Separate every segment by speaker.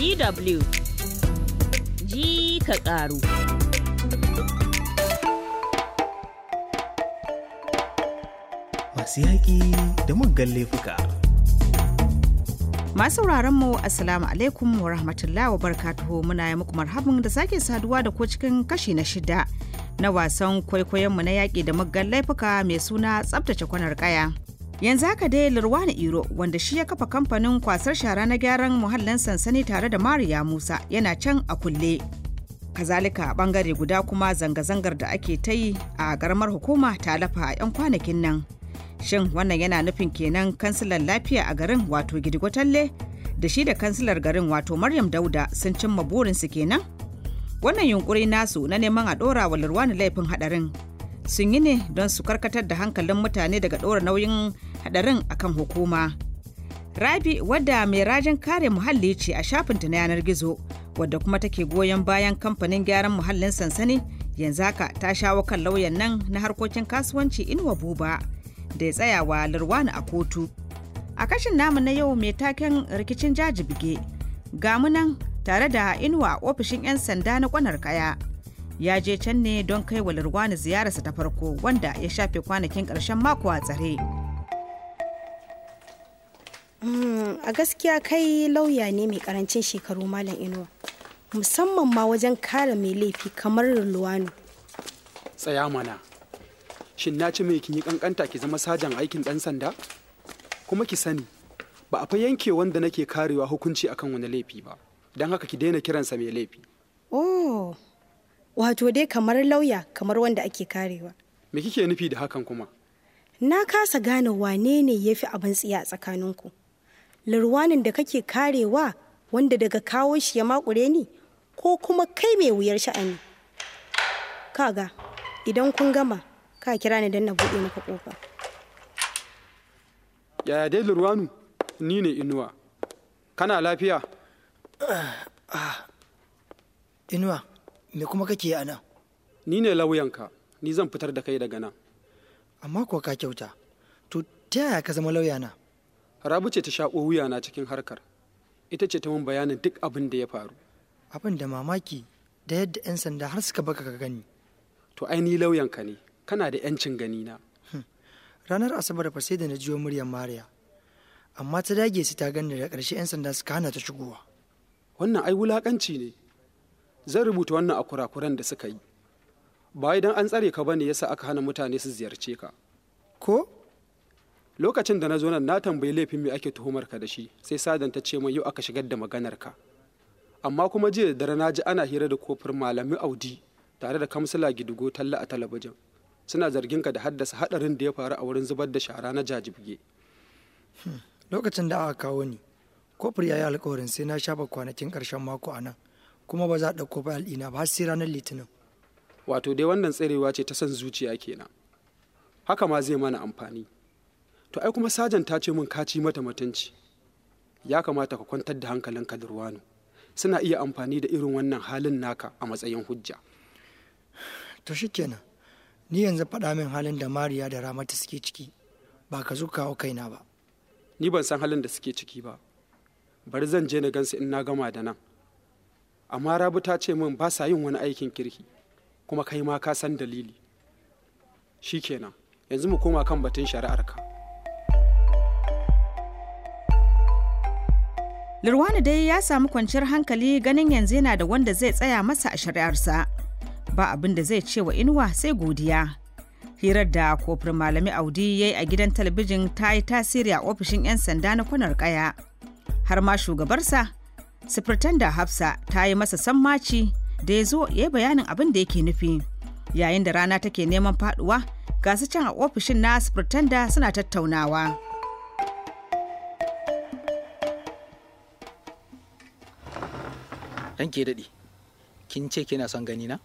Speaker 1: DW ji ka ƙaru.
Speaker 2: Masu yaƙi da muggan laifuka.
Speaker 1: Masu mu Assalamu alaikum wa rahmatullah wa barkatuhu muna yi muku marhamin da sake saduwa da ko cikin kashi na shida na wasan kwaikwayonmu na yaƙi da muggan laifuka mai suna tsabtace kwanar ƙaya. yanzu haka dai lurwani iro wanda shi ya kafa kamfanin kwasar shara na gyaran muhallin sansani tare da mariya musa yana can a kulle kazalika a bangare guda kuma zanga-zangar da ake ta yi a garamar hukuma ta lafa a 'yan kwanakin nan shin wannan yana nufin kenan kansilan lafiya a garin wato Talle da shi da kansilar garin wato maryam dauda sun cimma burinsu kenan wannan yunkuri nasu na neman a ɗora wa lurwani laifin hadarin sun yi ne don su karkatar da hankalin mutane daga ɗora nauyin hadarin akan hukuma. Rabi wadda mai rajin kare muhalli ce a shafinta na yanar gizo wadda kuma take goyon bayan kamfanin gyaran muhallin sansani yanzu haka ta shawo kan lauyan nan na harkokin kasuwanci inuwa buba da ya tsaya wa lirwani a kotu. A kashin namu na yau mai taken rikicin jajibige gamu nan tare da inuwa ofishin 'yan sanda na kwanar kaya. ya je can ne don kai wa lirwani ziyararsa ta farko wanda ya shafe kwanakin ƙarshen mako a tsare. Mm, a gaskiya kai lauya ne mai karancin shekaru malam inuwa musamman ma wajen kare mai laifi kamar luwano
Speaker 3: tsaya mana shin na ci mai kin yi kankanta ki zama sajan aikin dan sanda kuma ki sani ba a fa yanke wanda nake karewa hukunci akan wani laifi ba don haka ki daina kiransa mai laifi
Speaker 1: oh wato dai kamar lauya kamar wanda ake karewa
Speaker 3: me kike nufi da hakan kuma
Speaker 1: na kasa gane wane ne ya abin tsiya a tsakaninku larwanin da kake karewa wanda daga kawo shi ya makure ni ko kuma kai mai wuyar sha'ani kaga idan kun gama ka kira ni don na buɗe maka ƙofa
Speaker 3: yaya dai lurwanu ni ne inuwa kana lafiya
Speaker 2: ah, inuwa me kuma
Speaker 3: kake a nan ni ne lauyanka ni zan fitar da kai daga nan
Speaker 2: amma kuwa ka kyauta to ta yaya ka zama lauyana?
Speaker 3: rabu ce ta shaƙo wuyana cikin harkar ita ce ta mun bayanin duk abin da ya faru
Speaker 2: abin da mamaki da yadda 'yan sanda
Speaker 3: har suka baka ka gani to lauyan ka ne kana da 'yancin gani na hmm.
Speaker 2: ranar asabar fa sai da na jiyo muryar mariya amma ta dage su ta gani da ƙarshe 'yan sanda suka hana ta shigowa
Speaker 3: wannan ai wulakanci ne zan rubuta wannan a kurakuran da suka yi ba idan an tsare ka bane yasa aka hana mutane su ziyarce ka ko lokacin da na zo nan na tambayi laifin me ake tuhumar ka da shi sai sadan ta ce min yau aka shigar da maganar ka amma kuma jiya da dare na ji ana hira da kofar malami audi tare da kamsila gidugo talla a talabijin suna zargin ka da haddasa hadarin da ya faru a wurin zubar da shara na jajibge
Speaker 2: hmm, lokacin da aka kawo ni kofar yayi yi alkawarin sai na shafa kwanakin karshen mako a nan kuma ba za a ɗauko ba al'ina ba sai ranar
Speaker 3: litinin wato dai wannan tserewa ce ta son zuciya kenan haka ma zai mana amfani to ai kuma sajan ta ce min ka ci mata mutunci ya kamata ka kwantar da hankalin durwano suna iya amfani da irin wannan halin naka a matsayin hujja
Speaker 2: to shikenan ni yanzu faɗa min halin da mariya da ramata suke ciki ba ka zo kawo kaina ba
Speaker 3: ni ban san halin da suke ciki ba bari zan je na gansu in na gama da nan amma rabu ta ce min ba sa yin wani aikin kirki kuma kai ma ka san dalili shikenan yanzu mu koma kan batun shari'arka
Speaker 1: Lirwana dai ya samu kwanciyar hankali ganin yanzu yana da wanda zai tsaya masa a shari'arsa. Ba abin da zai ce wa inuwa sai godiya. Hirar da kofar malami Audi ya yi a gidan talabijin ta yi tasiri a ofishin 'yan sanda na kwanar kaya. Har ma shugabarsa, sifirtanda Hafsa ta yi masa sammaci da ya zo ya yi bayanin abin da yake nufi. Yayin da rana take neman faduwa, gasu can a ofishin na
Speaker 2: sifirtanda
Speaker 1: suna tattaunawa.
Speaker 2: Ran ke daɗi. Kin ce kina son gani
Speaker 4: na?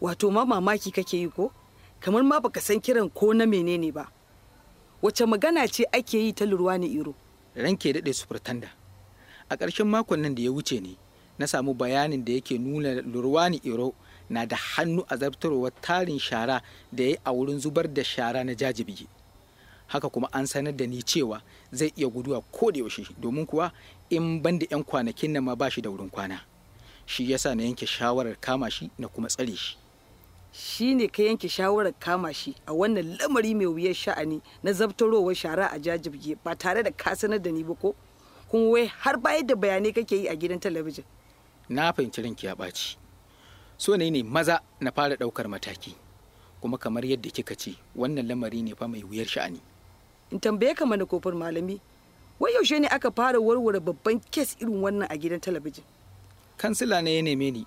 Speaker 4: Wato ma mamaki kake yi ko? Kamar ma baka san kiran ko na menene ba.
Speaker 2: Wace magana ce ake yi ta Lurwani iro? Ranke ke su sufurtanda. A ƙarshen makon nan da ya wuce ne, na samu bayanin da yake nuna lurwani iro na da hannu a zartarwar tarin shara da ya yi a wurin zubar da shara na jajibi, haka kuma an sanar da ni cewa zai iya guduwa ko da yaushe domin kuwa in ban da 'yan kwanakin nan ma ba shi da wurin kwana shi yasa na yanke shawarar kama shi na kuma tsare shi
Speaker 4: shi ne ka yanke shawarar kama shi a wannan lamari mai wuyar sha'ani na zabtarowar shara a jajibge ba tare da ka sanar da ni ba ko kuma wai har bayar da bayanai kake yi a gidan talabijin
Speaker 2: na fahimci ranki ya ɓaci so ne ne maza na fara ɗaukar mataki kuma kamar yadda kika ce wannan lamari ne fa mai wuyar sha'ani in tambaye ka mana kofar malami wai yaushe ne aka fara warware babban
Speaker 4: kes irin wannan a gidan talabijin
Speaker 2: kansila na ya neme ni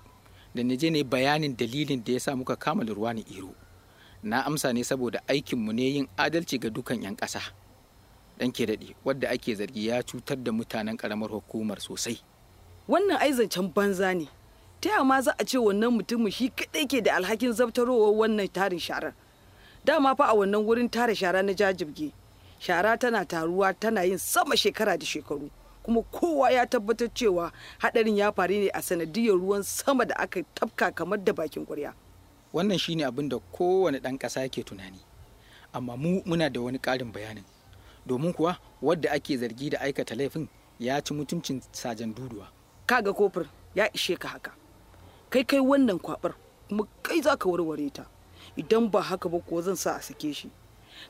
Speaker 2: da na je ne bayanin dalilin da ya sa muka kama ni iro na amsa ne saboda aikinmu ne yin adalci ga dukan 'yan ƙasa dan ke daɗe wadda ake zargi ya cutar da mutanen karamar hukumar sosai
Speaker 4: wannan ai banza ne ta yaya za a ce wannan mutumin shi kaɗai ke da alhakin zabtarowa wannan tarin sharar dama fa a wannan wurin tara shara na jajibge shara tana taruwa tana yin sama shekara da shekaru kuma kowa ya tabbatar cewa hadarin ya faru ne a sanadiyar ruwan sama da aka tafka kamar da
Speaker 2: bakin kwarya wannan shine abin da kowane ɗan ƙasa ke tunani amma mu muna da wani ƙarin bayanin domin kuwa wadda ake zargi da aikata laifin ya ci mutuncin sajan duduwa kaga kofar ya ishe ka haka kai kai wannan kwabar
Speaker 4: kuma kai za ka warware ta idan ba haka ba ko zan sa a sake shi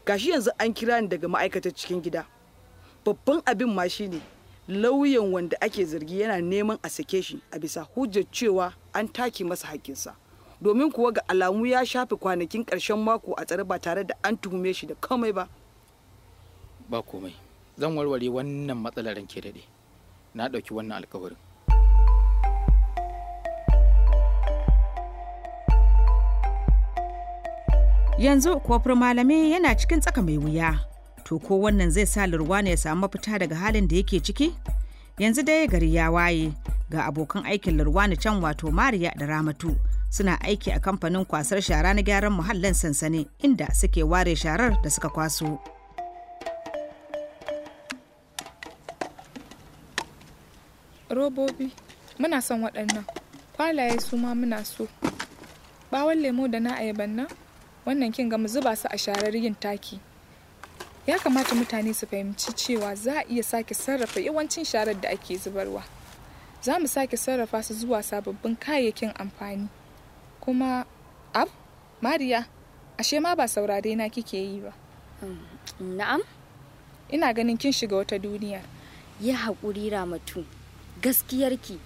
Speaker 4: gashi yanzu an kira ni daga ma'aikatar cikin gida babban abin ma shine lauyan wanda ake zargi yana neman a sake shi a bisa hujjar cewa an take masa haƙƙinsa domin kuwa ga alamu ya shafe kwanakin ƙarshen mako a tsare ba tare da an tuhume shi da kamai
Speaker 2: ba ba komai zan warware wannan matsalar ke daɗe na ɗauki wannan alkawarin
Speaker 1: yanzu kofar malamai yana cikin tsaka mai wuya to ko wannan zai sa lurwana ya samu mafita daga halin da yake ciki yanzu dai gari ya waye ga abokan aikin lurwana can wato mariya da ramatu suna aiki a kamfanin kwasar shara na gyaran muhallin sansani inda suke ware sharar da suka kwaso
Speaker 5: robobi muna son waɗannan kwalaye su ma muna so bawon lemo da na ayaban nan wannan kin ga mu zuba su a sharar yin taki ya kamata mutane su fahimci cewa za a iya sake sarrafa yawancin sharar da ake zubarwa za mu sake sarrafa su zuwa sababbin kayayyakin amfani kuma ab mariya ashe ma ba saurare na kike yi ba na'am ina ganin kin shiga wata duniya ya haƙuri ramatu gaskiyarki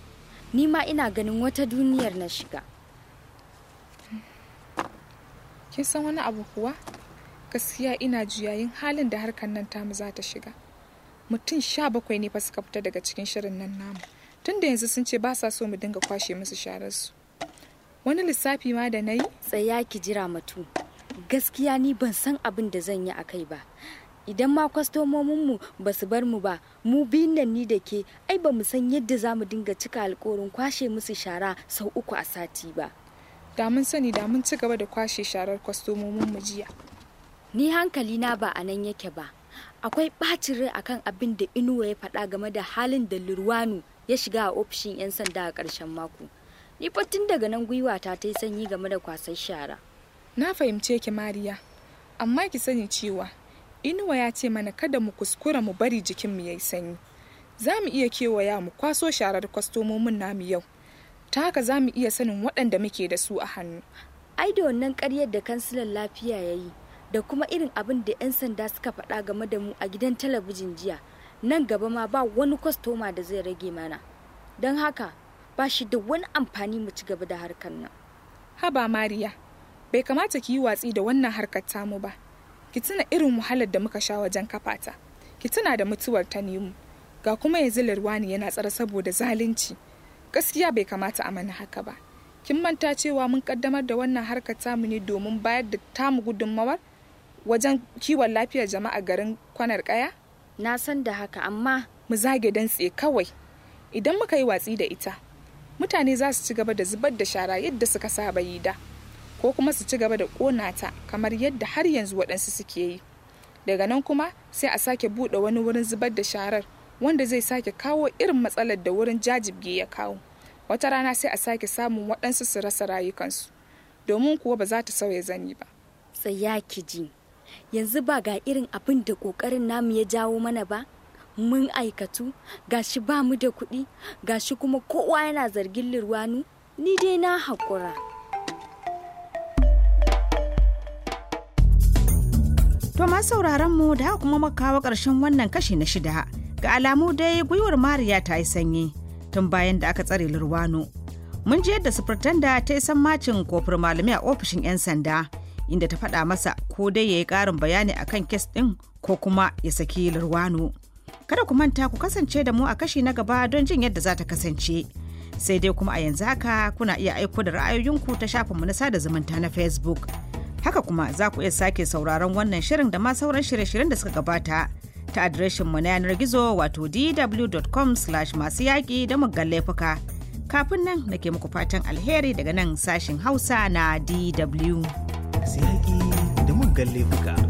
Speaker 5: ni ma ina ganin wata duniyar na shiga kin san wani abu kuwa gaskiya ina juyayin halin da harkar nan tamu za ta shiga mutum sha bakwai ne fa suka fita daga cikin shirin nan namu tun da yanzu sun ce ba sa so mu dinga kwashe musu shararsu wani lissafi ma da na yi tsaya ki jira mutum gaskiya ni ban san abin da zan yi a kai ba idan ma kwastomominmu ba su bar mu ba mu biyun nan ni da ke ai ba mu san yadda za mu dinga cika alkawarin kwashe musu shara sau uku a sati ba da mun sani da mun ci gaba da kwashe sharar kwastomominmu jiya ni hankali na ba a nan yake ba akwai ɓacin rai akan abin da inuwa ya faɗa game da halin da lurwanu ya shiga a ofishin 'yan sanda a ƙarshen mako ni tun daga nan gwiwata ta yi sanyi game da kwasar shara na fahimce ki mariya amma ki sani cewa inuwa ya ce mana kada mu kuskura mu bari jikin mu yayi sanyi za mu iya kewaya mu kwaso sharar kwastomomin namu yau ta haka za mu iya sanin waɗanda muke da su a hannu ai da wannan ƙaryar da kansilan lafiya ya yi da kuma irin abin da 'yan sanda suka faɗa game da mu a gidan talabijin jiya nan gaba ma ba wani kwastoma da zai rage mana don haka ba shi da wani amfani mu ci gaba da harkar nan haba mariya bai kamata ki yi watsi da wannan harkar tamu ba ki tuna irin wahalar da muka sha wajen kafata ki tuna da mutuwar ta nemu ga kuma yanzu lirwani yana tsara saboda zalunci gaskiya bai kamata a mana haka ba kin manta cewa mun kaddamar da wannan harkar tamu ne domin bayar da tamu gudunmawar wajen kiwon lafiyar jama'a garin kwanar kaya? Na san da haka amma. Mu zage dantse kawai. Idan muka yi watsi da ita, mutane za su ci gaba da zubar da shara yadda suka saba yi da, ko kuma su ci gaba da ƙona ta kamar yadda har yanzu waɗansu suke yi. Daga nan kuma sai a sake buɗe wani wurin zubar da sharar wanda zai sake kawo irin matsalar da wurin jajibge ya kawo. Wata rana sai a sake samun waɗansu su rasa rayukansu, domin kuwa ba za ta sauya zani ba. Tsaya ki ji. yanzu ba ga irin abin da ƙoƙarin namu ya jawo mana ba mun aikatu gashi ba mu da kuɗi gashi kuma kowa yana zargin lirwanu ni dai na haƙura
Speaker 1: to ma sauraron mu da kuma makawa ƙarshen wannan kashi na shida ga alamu dai gwiwar mariya ta yi sanyi tun bayan da aka tsare lirwanu mun je yadda da ta yi macin kofar malami a ofishin 'yan sanda inda ta faɗa masa ko dai ya yi ƙarin bayani a kan kes ɗin ko kuma ya saki lirwano. Kada ku manta ku kasance da mu a kashi na gaba don jin yadda za ta kasance. Sai dai kuma a yanzu haka kuna iya aiko da ra'ayoyinku ta shafinmu na sada zumunta na Facebook. Haka kuma za ku iya sake sauraron wannan shirin da ma sauran shirye-shiryen da suka gabata. ta adireshinmu na yanar gizo wato dw.com masu yaƙi da muggan laifuka. Kafin nan nake muku fatan alheri daga nan sashin Hausa na DW. yaƙi
Speaker 2: da muggan laifuka.